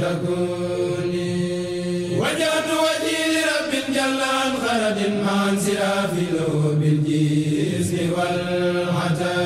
تكوني وجهت وجهي لرب جل عن خرد مع انصرافي له بالجسم والعتاب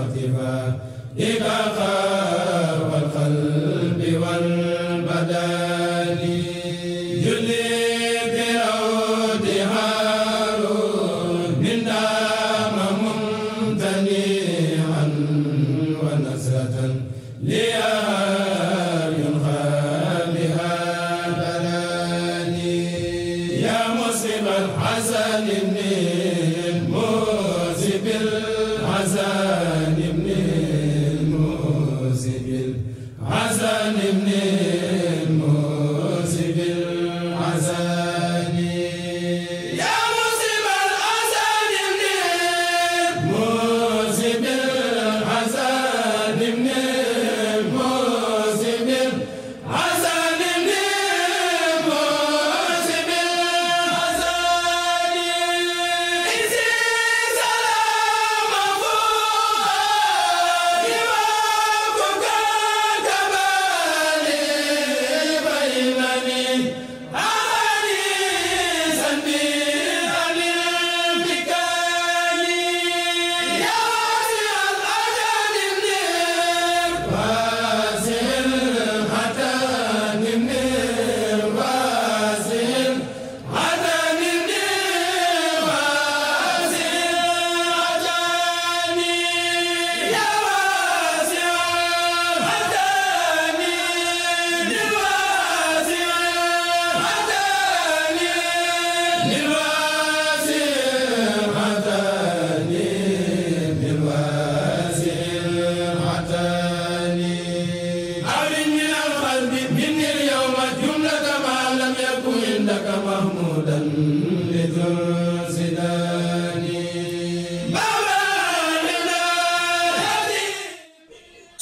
خاطبا لك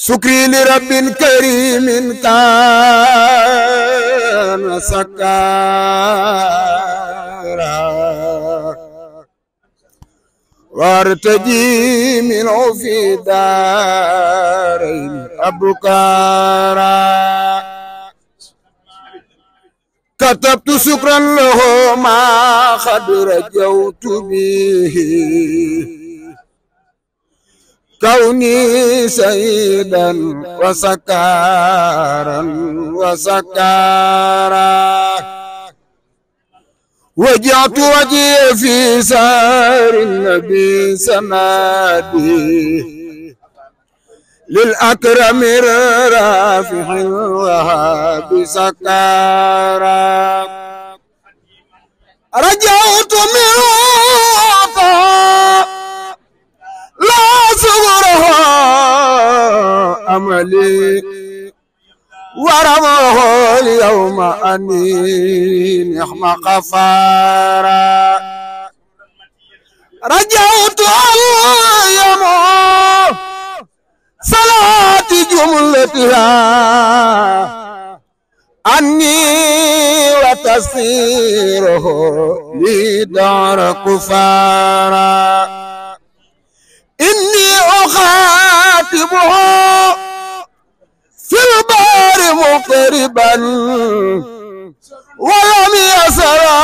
sukri li rabbin karimin kaana sakkaara wartaji min fi daarin abkaara katabtu sukran lahu ma xad rajawtu bihi كوني سيدا وسكارا وسكارا وجعت وجهي في سار النبي سمادي للأكرم الرافع الوهاب سكارا رجعت من وفاق عملي ورموه اليوم أني نحم قفارا رجعت اليوم صلاة جملتها عني وتصيره لي دار كفارا إني أخاطبه شربا ولم يسرى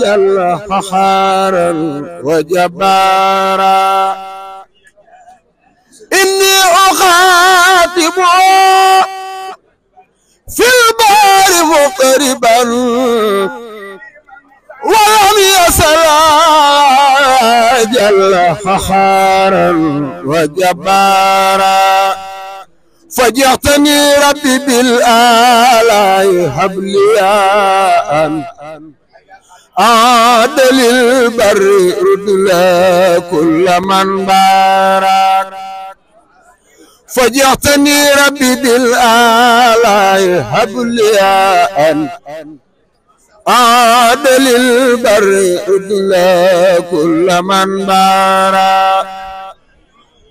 جل فخارا وجبارا إني أخاطب في البار مقربا ولم يسرى جل فخارا وجبارا فجعتني ربي بالآلاء حبلي أن عاد للبر ردلا كل من بارك فجعتني ربي بالآلاء حبلي أن عاد للبر ردلا كل من بارك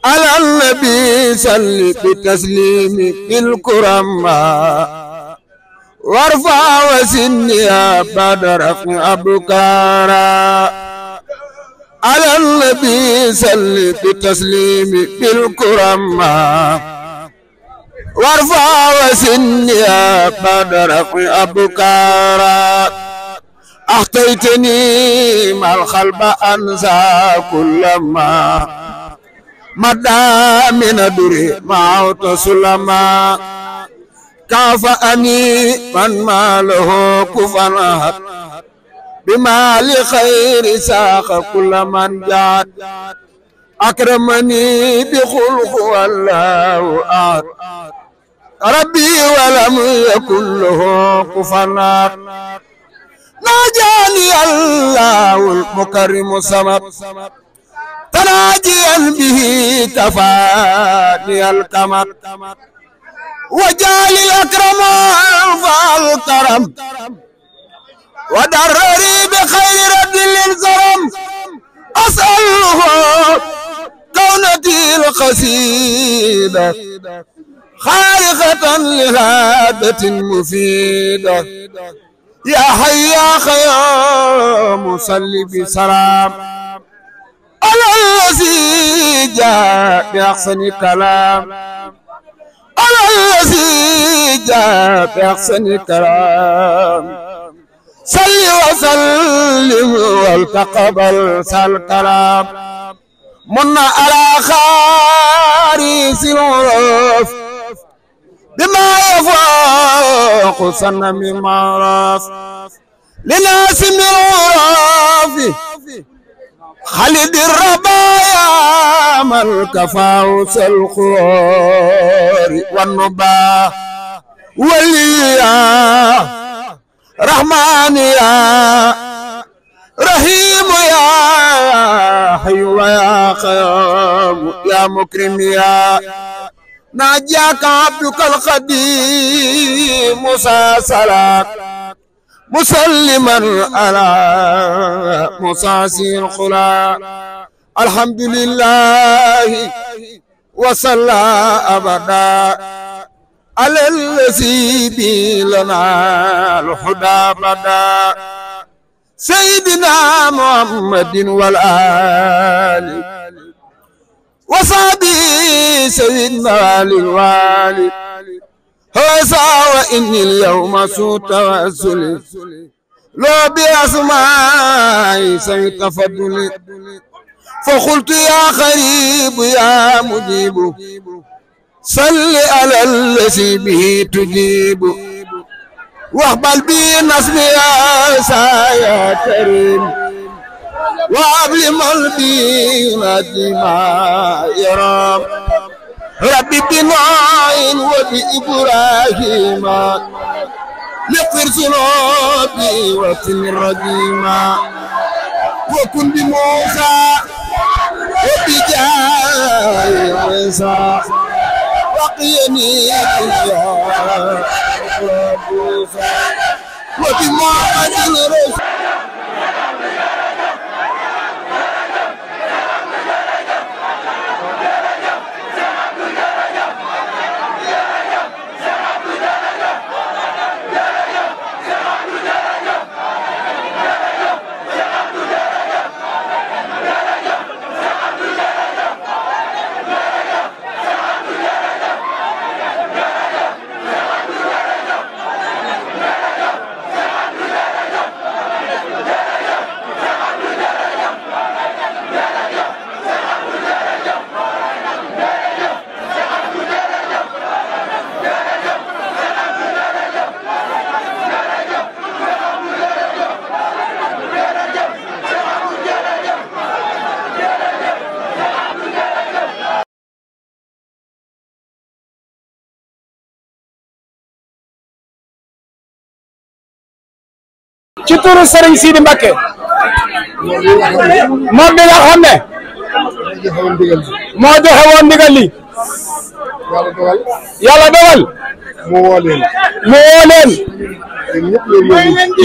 على النبي صل بتسليم الكرماء وارفع وسنيا بعد رفع أبكارا على النبي صل بتسليم بالكرماء وارفع وسنيا بعد رفع أبكارا أخطيتني مع الخلب أنسى كلما مدامن دري معوت سلما كافأني من ماله كفنات بما لخير ساق كل من جاد أكرمني بخلق والله أعد ربي ولم يكن له كفنات ناجاني الله المكرم سمت تناجيا به تفاني القمر وجالي أكرم فالكرم ودرري بخير رد زرم أسأله كونتي القصيدة خارقة لهابة مفيدة يا حي يا خيام صل بسلام على الذي جاء بأحسن كلام على الذي جاء بأحسن كلام صل وسلم والتقبل سالكلام من على خارس العرف بما يفوق سنم معرف لناس من العرف خالد الربايا من كفاوس الخور والنبا وليا رحمن يا رحيم يا حي ويا خيام يا مكرم يا ناجاك عبدك القديم موسى صلاه مسلما على مصاصي الخلا الحمد لله وصلى أبدا على الذي لنا الهدى بدا سيدنا محمد والآل وصحبه سيدنا الوالد هذا وإني اليوم سوء توسلي لو بأسمائي سيت فضلي فقلت يا غريب يا مجيب صل على الذي به تجيب واقبل بي نصبي يا يا كريم وابلم البي ينادي ما يرام ربي بنوع وبإبراهيم لقر ذنوبي واتم رجيما وكن بموسى وبجاي عيسى وقيني بالله وبمحمد رسول ci turu Serigne Sidi Mbacké moom bi nga xam moo joxe woon ndigal li yàlla dogal mu woo leen mu woo leen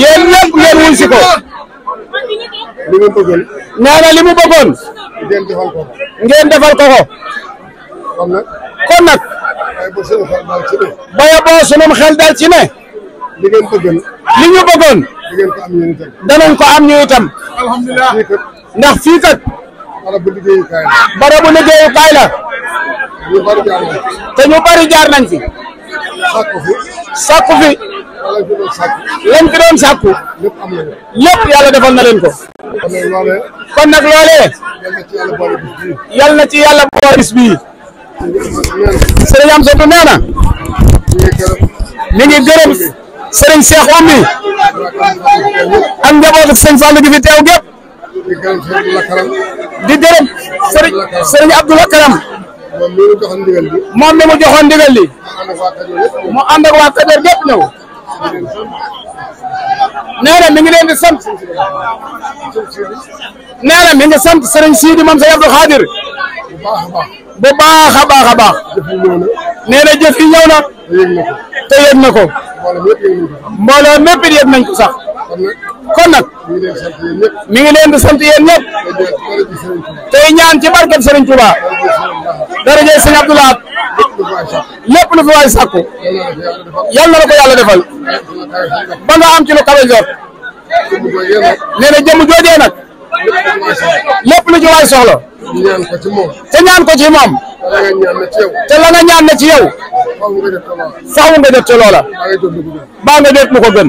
yéen ñëpp ngeen wuy si ko li na li mu bëggoon ngeen defal ko ko ngeen nag baya boo xel dal ci ne li ngeen bëggoon danañ ko am ñu itam. alhamdulilah ndax fii kat. barabu liggéeyukaay la. barabu liggéeyukaay la. te ñu bari jaar nañ fi. sakku fi. sakku fi. lañ fi doon sakku. lépp yàlla defal na leen ko. kon nag loolee. yal na ci yàlla boole bis bii. sëriñ nee na. mi ngi seriñ Cheikh Oumy ak njabootu sëriñ Fallou gi fi teew gépp di gërëm sëriñ sëriñ Abdoulaye Karam moom mi mu joxoon ndigal li moom mi mu joxoon ndigal li mu ànd ak waa Kajoor mi ngi leen di sant nee na mi ngi sant sëriñ Sidi moom bu baax a baax nee na jëf i ñëw na te yëg na ko mbooloo mépp yëg nañ ko sax kon nag mi ngi leen di sant yéen ñëpp tey ñaan ci barkeb Serigne Touba daraje Serigne Abdou Lahad lépp lu fi waay sàkku yal na la ko yàlla defal ba nga am ci lu kawe jot nee na jëmm joojee nag lépp lu ci waay soxla te ñaan ko ci moom. te la nga ñaan na ci yow faaw nga jot ca loola baa nga jot lu ko gën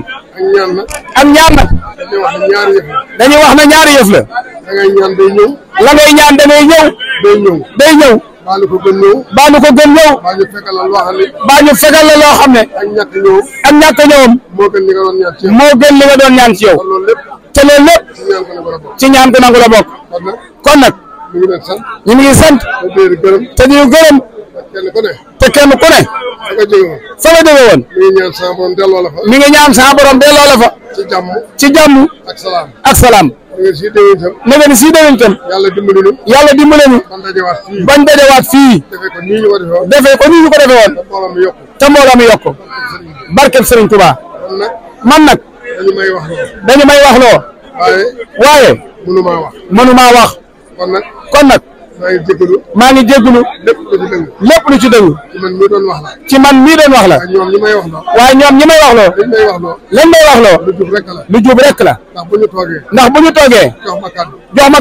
am ñaan nag dañuy wax na ñaari yëf la la ngay ñaan danay ñëw day ñëw baa ñu ko gën ñëw baa ñu ko gën ñëw baa ñu fekkal la loo xam ne baa ñu fekkal la loo xam ne ak ñàkk ñëwam ak ñàkk ñëwam moo gën li nga doon ñaan ci yow moo gën li nga doon ñaan ci yow te loolu lépp ci ñaan ko nangu la bokk kon nag ñu ngi leen sant. ñu ngi sant. te di leen gërëm. te di leen gërëm. te kenn ku ne. fa nga jóge woon. fa nga jóge borom delloo la fa. mi ngi ñaan saa borom delloo la fa. ci jàmm. ci jàmm. ak salaam. ak salaam. na ngeen siy déwén itam. na ñu. yàlla dimbali ñu. bañ dajewaat fii. defee ko nii ñu ko defee woon. defee ko nii ñu ko defee woon. te mbooloo mi yokku. te mbooloo mi yokku. barkeb Serigne Touba. man nag. dañu may wax loo. waaye. waaye. maa wax. kon nag kon nag. maa ngi jégalu maa ngi jégalu. lépp lu ci dëng. lépp lu ci man mii doon wax ci man mii doon wax la. waaye ñoom ñi may wax loo. waaye ñoom may wax loo. liñ may wax loo. liñ may lu jub rek la. ndax bu ñu toogee. ndax bu ñu toogee. jox ma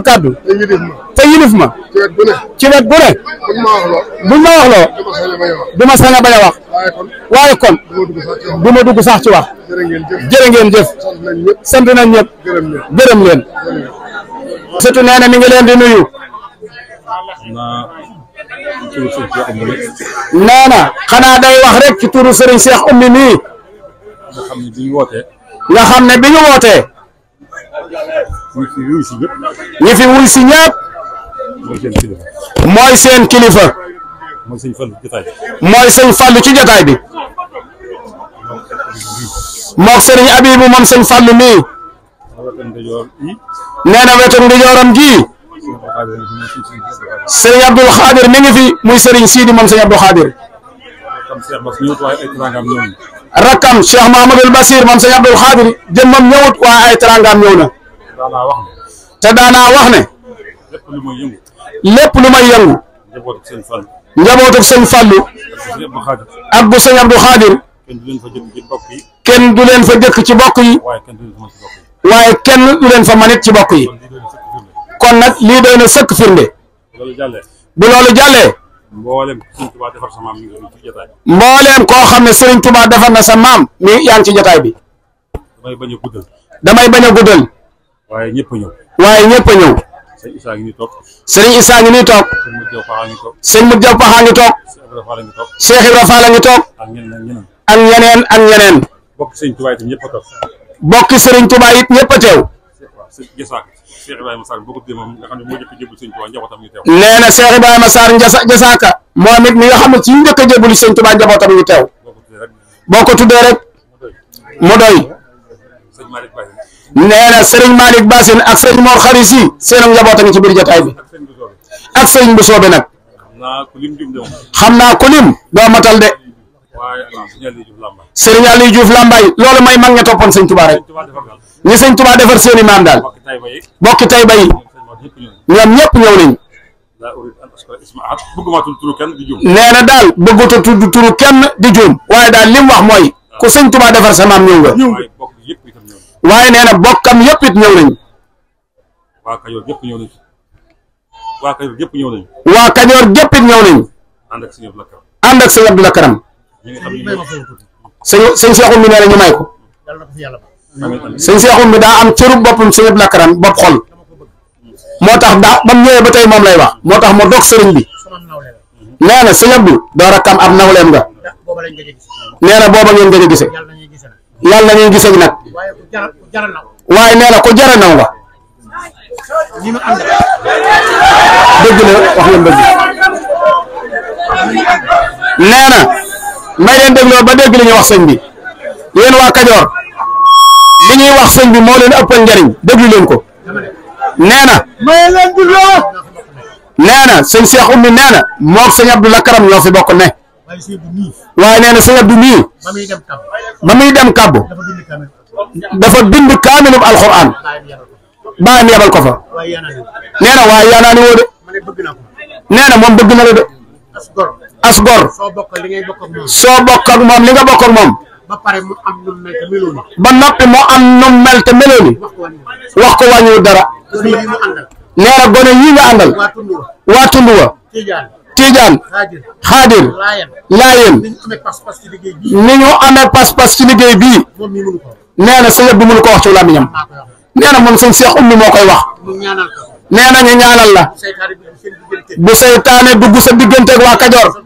kàddu. jox ma te yilif ma. te ci wet bu ne. ci bu ne. buñ ma wax loo. buñ ma wax loo. du ma sañ a bañ wax. waaye kon. du ma dugg sax ci wax. jërë ngeen jëf. sant nañ ñëpp. gërëm leen surtout nee na mi ngi leen di nuyu. nee na xanaa day wax rek ci turu sëriñ Cheikh Oumy mii. nga xam ne bi ñu xam ne bi ñu wootee. ñi fi wuy si ñëpp. mooy seen kilifa. mooy seen sëñ Fallu ci jotaay bi. ci jotaay bi. moog Serigne Abibu moom sëñ Fallu mii. nee na wetu ndijooram ji sëriñ Abdul Xaadir mi ngi fi muy sëriñ Sidi moom sëriñ Abdul Xaadir rakkam Cheikh Mahamadul Basir moom sëriñ Abdul Xaadir jëm moom ñëwut waaye ay teraangaam ñëw na te daanaa wax ne lépp lu may yëngu njabootuk sëñ Fallu ak bu sëriñ Abdul Xaadir kenn du leen fa jëkk ci bokk yi. waaye kenn du leen fa manit ci bokk yi kon nag lii doy na sëkk firnde bu loolu jàllee mbooleem koo xam ne Serigne Touba defar na sa maam mi ci jotaay bi damay bañ a guddal waaye ñëpp ñëw waaye ñëpp a ñëw sëñ Issa ngi nii toog sëñ Issa ngi nii toog sëñ Modou toog a ak ñeneen ak ñeneen bokk Serigne Touba bokki Serigne Touba it ñëpp a teew. nee na Cheikh Ibrahima Sarr Jasaaka moom it mi nga xam ne ci njëkk a jébbalu Serigne Touba njabootam ñu teew boo ko tuddee rek mu doy. nee na Serigne Malick Bassine ak Serigne Mor Xaris yi seen njabootam ci biir jotaay bi ak Serigne bu soobe nag xam naa ku lim doo matal de. Serigne Aliou Diouf Lambaye loolu mooy mag nga toppoon sëñ Touba rek ñi sëñ Touba defar seen i maam daal bokki tay bayi ñoom ñëpp ñëw nañ daal bëggut a tudd turu kenn di juum waaye daal li mu wax mooy ku sëñ Touba defar sa maam ñëw nga waaye nee na bokkam yëpp it ñëw nañ waa Kajoor gépp ñëw nañ waa Kajoor gépp ñëw nañ ànd ak sëñ Abdou Lakaram sëñ sëñ Seexu mi nee na ñu may ko sëñ Seexu mi daa am cëru boppam sëñ Blackaram bopp xol moo tax daa ba mu ñëwee ba tey moom lay wax moo tax mu dog sëriñ bi nee na sëñ Abdou doo rakkam ab nawleem nga nee na booba ngeen gëj a gisee yàlla nañuy gisee nag waaye nee ko jara naw nga dëgg la wax ngeen dëgg nee may leen dégloo ba dégg li ñuy wax sëñ bi yéen waa Kajoor li ñuy wax sëñ bi moo leen ëppal njariñ déglu leen ko nee na may leen dégloo nee na sëñ Seex Ummi nee na moog sëñ Abdou Lakaram ñoo fi bokk ne waaye nee na sëñ Abdou mii ba muy dem kàbbu dafa bind kaamilum alxuraan bàyyam yebal ko fa nee na waaye yaanaani woo de nee moom bëgg na la de as gor soo bokk ngay bokk ak moom soo bokk ak moom li nga bokk ak moom. ba pare mu am nu mel te melooni. ba noppi moo am nu mel te melooni. wax ko wàññiwul dara. nee na gone yi nga àndal. waa tund wa. Tiijaan Xaadir Laayeen ni ñu amee pas-pas ci liggéey bii nee na sa yëb bi ko wax ci làmmiñam nee na moom sëñ Seex Ummi moo koy wax nee na ñaanal la bu seytaane dugg sa digganteeg waa Kajoor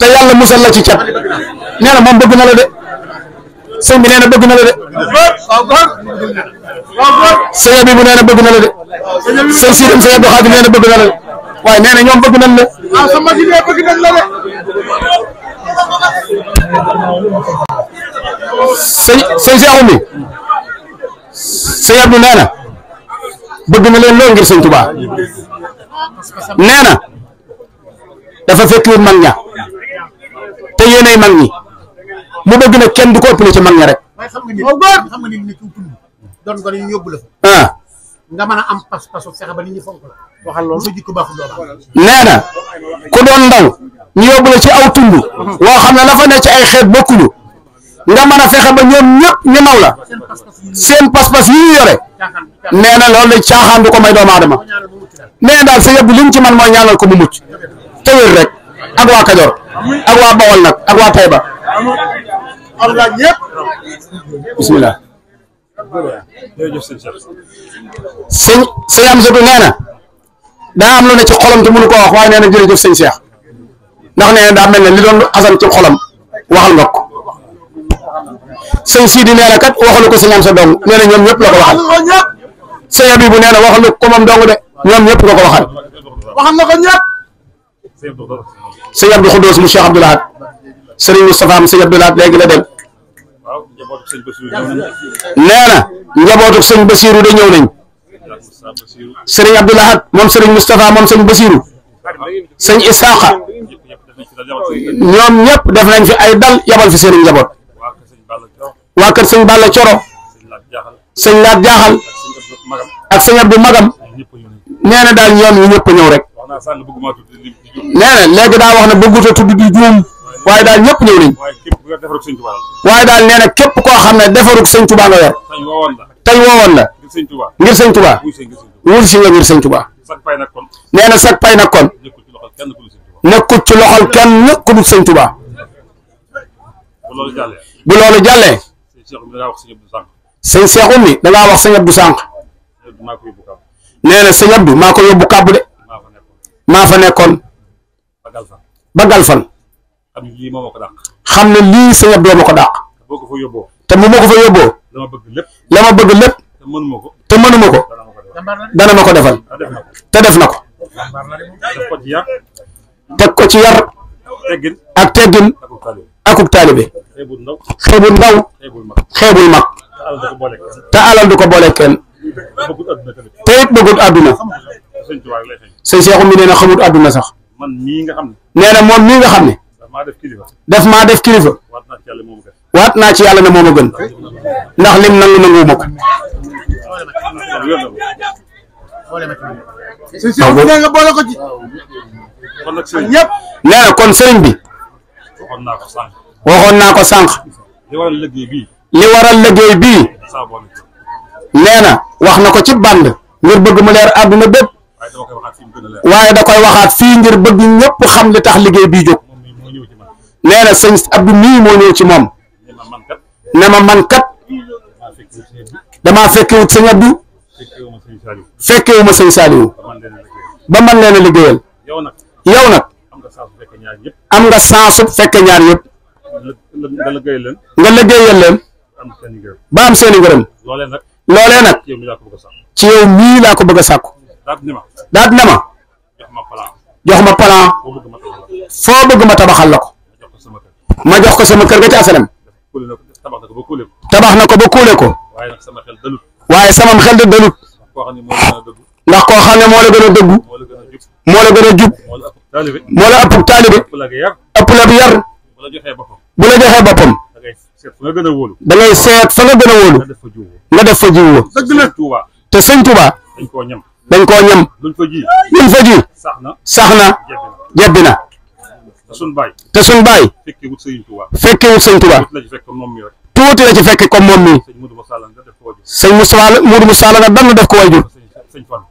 te yàlla musal la ci cat nee na moom bëgg na de sëñ bi nee na bëgg na la de sëñ bi bu nee na bëgg na la de bëgg na la de waaye nee na ñoom bëgg nañ bëgg nañ la sëñ sëñ Seexu mi na bëgg na leen lool ngir sëñ Tuubaa dafa fekk leen mag yéenay mag yi mu bëgg nag kenn du ko ëppale ci man ña rek. ah. nga mën a am pas-pasu fexe ba nit ñi la. waxal loolu sa jikko baaxul nee na ku doon ndaw ñu yóbbu la ci aw tund. woo xam ne la fa ne ci ay xeet bokkuñu. nga mën a fexe ba ñoom ñëpp ñu naw la. seen pas-pas yi ñu yore. nee na loolu la caaxaan du ko may doomu aadama. nee na daal sa yóbbu li mu ci man mooy ñaanal ko mu mucc. te wér rek. ak waa Kajoor ak waa Bawol nag ak waa Tayba am na ñëpp bismillah sëñ sëñ Amsatu nee na daa am lu ne ci xolam te mënu ko wax waaye nee na jërëjëf sëñ Cheikh ndax nee na daa mel ne li doon asan ci xolam waxal nga ko sëñ Sidi nee na kat waxalu ko sëñ Amsa dong nee ñoom ñëpp la ko waxal sëñ Abibu nee na waxalu ko moom dong de ñoom ñëpp la ko waxal sëñ Abdou Khoudous mu Cheikh Abdou Lahad sëriñ Moustapha la dem nee na njabootu sëñ Basiru de ñëw nañ sëriñ Abdou Lahad moom sëriñ Moustapha moom sëñ Basiru sëñ Isaaqa ñoom ñëpp def nañ fi ay dal yabal fi seen njaboot waa kër sëñ Balla Coro sëñ Laat Jaaxal ak sëñ Abdou Magam nee na daal ñoom ñu ñëpp ñëw rek. nee na léegi daa wax ne bëggut a tudd di juum waaye daal ñëpp ñëw nañ waaye daal nee na képp koo xam ne defarug sëñ Tuubaa nga yor tey woowoon la ngir sëñ Tuubaa wul si nga ngir sëñ Tuubaa nee na sag pay nag kon nekkul ci loxol kenn ku dul sëñ Tuubaa bu loolu jàllee sëñ Seex Ummi da ngaa wax sëñ Abdu Sànq nee na sëñ Abdu maa ko yóbbu kàbb de maa fa nekkoon ba galfan xam ne lii moo ko dàq xam ne lii sëñ ko dàq te mu ma ko fa yóbboo la ma bëgg lépp ma te mënuma ko te mënuma ko dana ma ko defal te def na ko teg ko ci yar ak teggin akuk taalibe xeebul ndaw xeebul mag te alal du ko boole kenn te it bëggul àdduna sëñ Seexu mi nee na xamut àdduna sax. man mii nga ne. nee na moom mii nga xam ne. daf maa def kilifa. waat naa ci yàlla moom a gën. waat naa ci yàlla ne moom a gën. ndax lim nangu nangu ma ko. waaw nee nga ko ci. kon nag bi. waxoon naa ko sànq. li waral liggéey bii. li na wax na ko ci bànd. ngir bëgg mu leer àdduna bépp. waaye da koy waxaat fii ngir bëgg ñëpp xam li tax liggéey bii jóg nee na sëñ Abdou mii moo ñëw ci moom ne ma man kat damaa fekkewut sëñ Abdou fekkewuma sëñ Saliou ba man leen a liggéeyal yow nag am nga sansu fekke ñaar yëpp nga liggéeyal leen ba am seen i ngërëm loolee nag ci yow mii laa ko bëgg a sàkku daat ne ma daat ne ma jox ma plan jox ma plan foo bëgg ma tabaxal la ko ma jox ko sama kër ga ci asalem tabax na ko ba kuule ko na ko ko waaye nag sama xel dalut waaye da dalut ndax koo xam ne gën a dëggu moo la gën a jub moo a ëpp taalibe ëpp la bi yar bu la joxee ba bu la joxee boppam da seet fa nga gën a wóolu da ngay seet fa nga gën a wóolu nga fa jiwoo dëgg la te dañ koo ñam luñ fa ji sax na sax na jebbi na te suñ baay te suñ baay fekke wut sëñ Tuubaa fekke wut sëñ Tuubaa tuuti la ci fekk comme moom mi sëñ Modou Moussa la nga def ko wajur sëñ Moussa la nga dan def ko wajur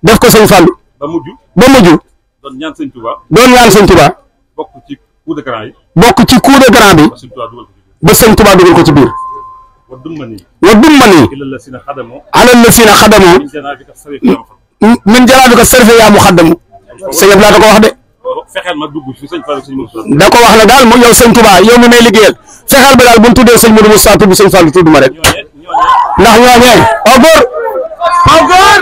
def ko sëñ Fallou ba mujj ba mujj doon ñaan sëñ Tuubaa bokk ci coup de grand yi bokk ci coup de grand bi ba sëñ Tuubaa ko ci biir wa dum ma nii wa dum ma la si na xadamoo min jalaatu ko serfe yaa mu ko wax de. fexeel ma dugg fi sëñ da ko wax ne daal yow sëñ Touba yow mi may liggéeyal fexeel ba daal bu ñu tuddee sëñ Modou Moussa tudd sëñ Fallou tudd ma rek ndax ñooñee aw góor aw góor.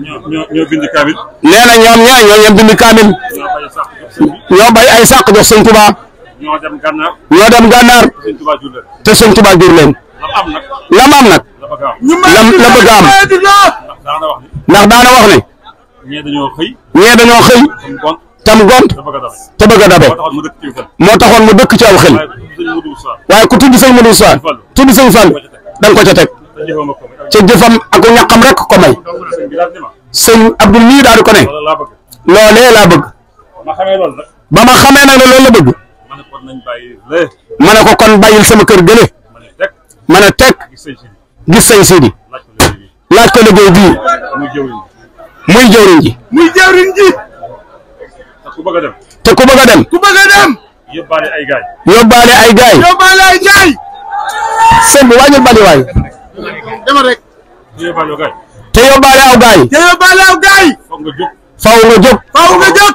ñoo ñoo bind kaamil. nee na ñoom ñee ñoo ñoom bind kaamil. ñoo bay ay sàq jox sëñ Touba. ñoo dem gannaar ñoo dem gànnaar. jur leen. lam am nag. lam la bëgg am. ndax daana wax ne. ñee dañoo xëy. ñee dañoo xëy. tam gont te bëgg a dabe. moo taxoon mu dëkk ci aw xel. waaye ku tudd sëñ Modou Sa tudd sëñ Fall da ko ca teg. ca jëfam ak ñaqam rek ko may. sëñ Abdou nii daal di ko ne. loolee laa bëgg. ba ma xamee nag ne loolu la bëgg. ma ne ko kon bàyyil sama kër gële. ma ne teg gis sëñ Sidi. laaj ko liggéey bii muy jëwriñ ji muy jëwriñ ji te ku bëgg dem te ku bëgg a dem ku bëgg dem yóbbaale ay gaay yóbbaale ay gaay yóbbaale ay gaay te yóbbaale aw gaay te yóbbaale aw gaay faw nga jóg faw dox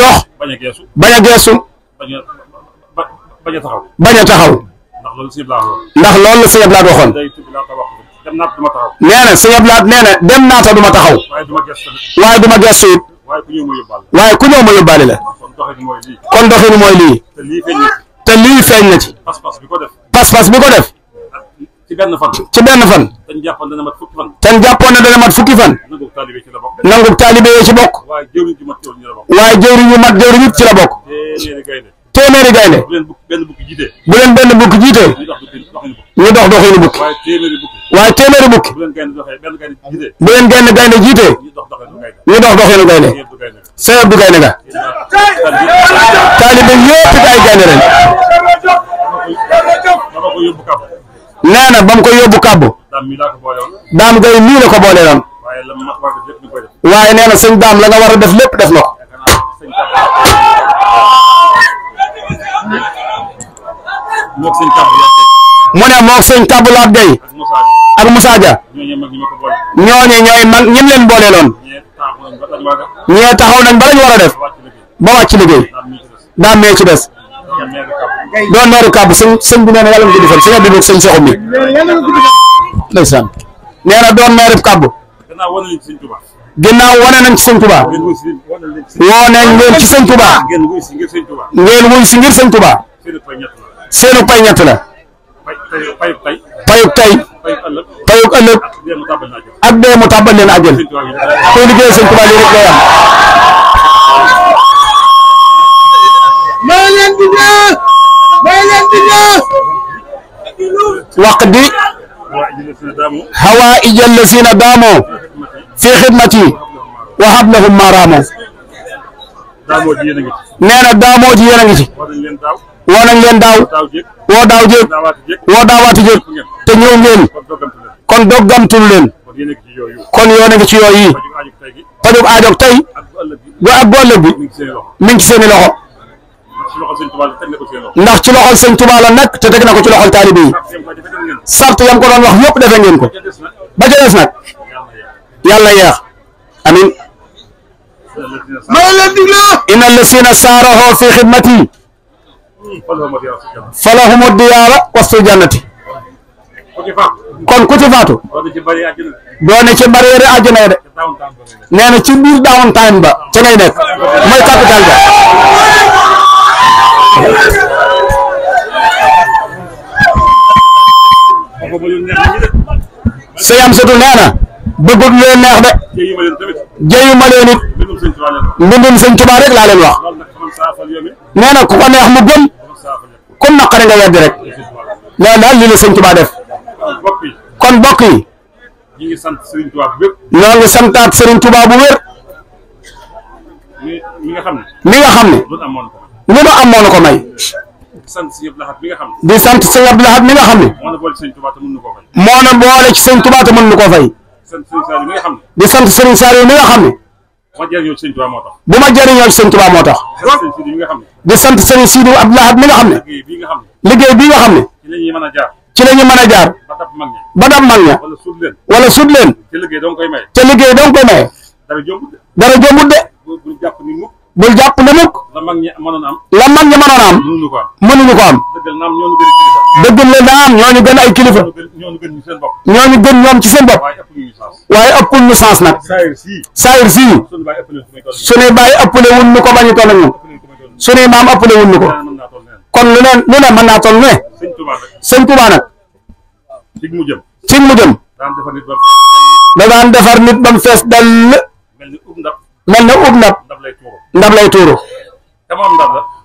dox a geesu bañ a geesu bañ a taxaw bañ a taxaw ndax loolu sëñ dem naa du ma taxaw nee na sëñ nee na dem naa ta ma taxaw waaye du ma gestu it waaye ku ñëw ma yóbbaale la kon doxinu mooy lii te lii feeñ na ci pas-pas bi ko def pas-pas bi ko def ah, ci benn fan ci benn fan dañ jàppoon ne dana mat fukki fan dañ jàppoon ne fukki fan nangub ci la bokk nangub taalibe ci bokk waaye jëwriñ ju mat jëwriñ yëpp ci la bokk téeméeri gaynde bu leen benn bukki jiitee ñu dox doxinu bukki waaye téeméeri bukki bu leen genn gaynde jiite ñu dox doxeenu gaynde sëñ Abdou gaynde nga taalibe yëpp ay gaynde lañ nee na ba ko koy yóbbu kàbbu daam gay mii la ko boole loon waaye nee na sëñ daam la nga war a def lépp def na ko mu ak Moussa Dia ñooñu ñooy mag ñim leen boole loon ñee taxaw nañ ba lañ war a def ba wàcc liggéey daa mee ci des doon meeru kàbb sëñ sëñ bi nee na yàlla nga gudd fan sëñ Abdou sëñ soxum bi ndeysaan nee na doon meeru kàbb ginnaaw wane nañ ci sëñ Touba woo nañ leen ci sëñ Touba ngeen wuy si ngir sëñ Touba seenu pay ñett la payuk tey payuk tey payuk ëllëg ak dee mu tàbbal leen àjjal kuy liggéey sëñ Tuubaa lii rek ngay am maa leen di ñëw maa leen di ñëw waq di xawaa ijal la siina daamoo fi xidmati wa hablahum maaraamoo nee na daamoo ji yéen a ngi ci woo nañ leen daaw woo daaw jéeg woo daawaati jéeg te ñëw ngeen kon doggamtul leen kon yoon a ngi ci yooyu pajug aajoog tey bu ak bu ëllëg bi mi ngi ci seen i loxo ndax ci loxol sëñ Tuubaa la nekk te na ko ci loxol taalibe yi sart yam ko doon wax yëpp defe ngeen ko ba ca des nag yàlla yeex amin. inna allasina saaraxoo fi xidmati falahumu diyaara wastu jannati kon ku ci faatu doone ci barrière àjjana de nee na ci biir down time ba ci lay nekk mooy capital ba sëyam sëtu nee na bëggut leen neex de jëyu ma leen it mbindum sëñ Tuubaa rek laa leen wax nee ko neex mu gëm kon naqare nga weddi rek nee daal lii la sëñ Tuubaa def kon bokk yi ñoo ngi sant Serigne Touba bu wér. ñoo ngi santaat Serigne bu wér. mi nga xam ne. mi nga xam ne. lu amoon ko may. lu amoon ko may. di sant Serigne xam ne. di sant Serigne Abdou Lahad mi nga xam ne. moo na boole ci Serigne Touba te mënuñu koo fay. moo na boole ci di sant Serigne Saliou mi nga di sant Serigne Saliou mi nga bu ma jëriñoo ak sëñ Tuubaa moo tax. bu ma jëriñoo ak sëñ Tuubaa moo mi nga xam ne. liggéey bii nga xam ne. liggéey bii nga xam ne. ci la ñuy mën a jaar. a jaar. ba dab mag ña. ba dab mag liggéey dong koy maye. dara jombut de. dara jàpp ni mukk. la mag ñi mënoon a am. la mag ña mënoon a am. mënuñu ko am. mënuñu ko am. dëggal naam ñooñu gën ay kilifa. dëggal naam ñooñu gën ay kilifa. ñooñu gën ñoom ci seen bopp. waaye ëppul ñu sens nag saayir sii suñuy bàyyi ëppale wun ñu ko bañu toll ak ñun suñuy maam ëppale wun ñu ko kon lu ne lu ne mën naa toll ne sëñ Tuubaa nag cig mu jëm da daan nit ba mu fees dal mel na ub ndab ndab lay tuuru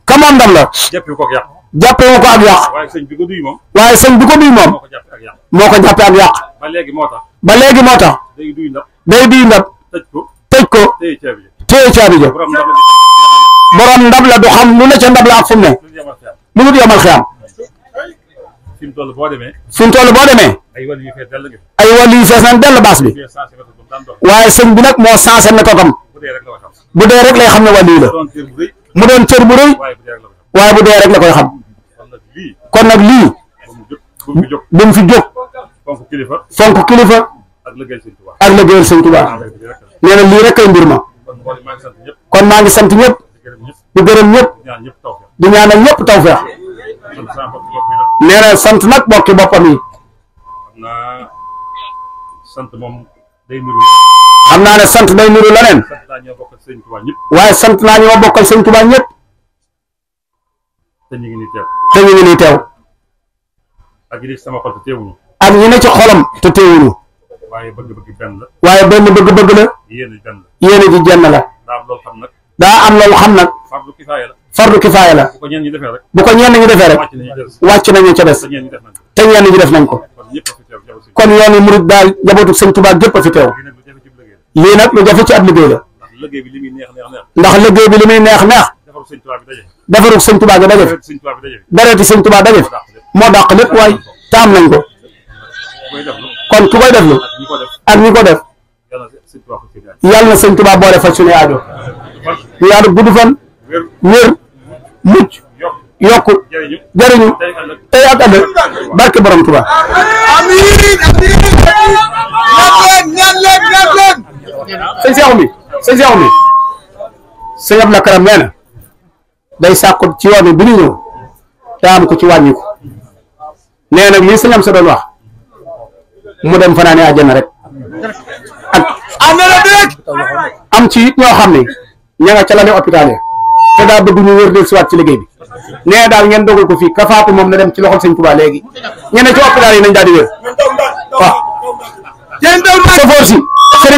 kamoom ndab la jëppi jàppee wu ko ak yàq. waaye sëñ bi ko duy moom. waaye sëñ bi ko duy moom. moo ko jàppee ak yàq. moo ba léegi moo tax. ba léegi moo tax. day duy ndab. day duy ndab. tëj ko tëj ko. téye caabi ja téye caabi ja. borom ndab la du xam lu ne ca ndab la ak fu mu ne. mënut yamal xiyam. fi mu toll boo demee. fi mu boo demee. ay wàllu yu fees dell bi. ay wàllu baas bi. waaye sëñ bi nag moo sensé na ko kam. bu dee rek lay xam ne wàllu yi la. mu doon cër bu waaye bu dee la koy xam. kon nag lii bu fi jóg fonk kilifa fonk kilifa ak liggéeyal sëñ Tuubaa nee na lii rek ay mbir ma kon maa ngi sant ñëpp di gërëm ñëpp di ñaanal ñëpp tawfeex nee na sant nag bokki boppam yi xam naa ne sant day niru leneen waaye sant naa ñoo bokkal sëñ Tuubaa ñëpp te ñu ngi nii teew. ak yi ne ci sama xol te teewuñu. ak yi ne ci xolam te teewuñu. waaye bëgg-bëgg benn la. waaye benn bëgg-bëgg la. yéene ji benn la. yéene ji jenn la. daa am loolu xam nag. daa am la. bu ko ñenn ñi ñi defee rek. wàcc nañu ca te ñenn ñi ñi def nañ kon yoonu murid daal njabootu sëñ Tuubaa gépp a fi teew. lii nag lu jafe ab liggéey la. ndax li muy li muy neex neex. defarug sëñ Tuubaa bi daje. defarug sëñ Tuubaa moo dàq lépp waaye taam nañ ko kon ku koy def lu ak ñi ko def yàlla na sëñ Tuubaa boole fa suñu aajo ñu yaatu gudd fan wér mucc yokk jëriñu tey ak ëllëg barke borom Tuubaa amiin amiin ñaan leen ñaan leen day sàkku ci yoon bi ñu ñëw daa am ko ci wàññi nee nag lii sëñam sa doon mu dem fanaane àjjana rek ak am ci it ñoo xam ne ña nga ca la ne hôpital yi te daa bëgg ci liggéey bi nee daal ngeen dogal ko fii kafaatu moom na dem ci loxol sëñ Tuubaa léegi ñene ci hôpital yi nañ daal di wér waaw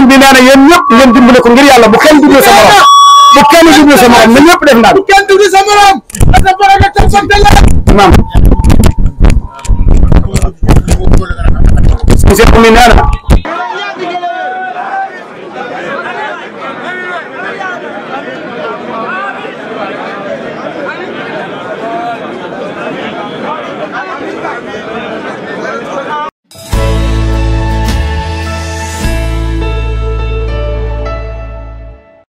bi nee na yéen ñëpp ngeen dimbale ko yàlla bu kenn dugg sa morom bu ñëpp def naa bu kenn dugg sa morom sëñ Cheikh mi nee na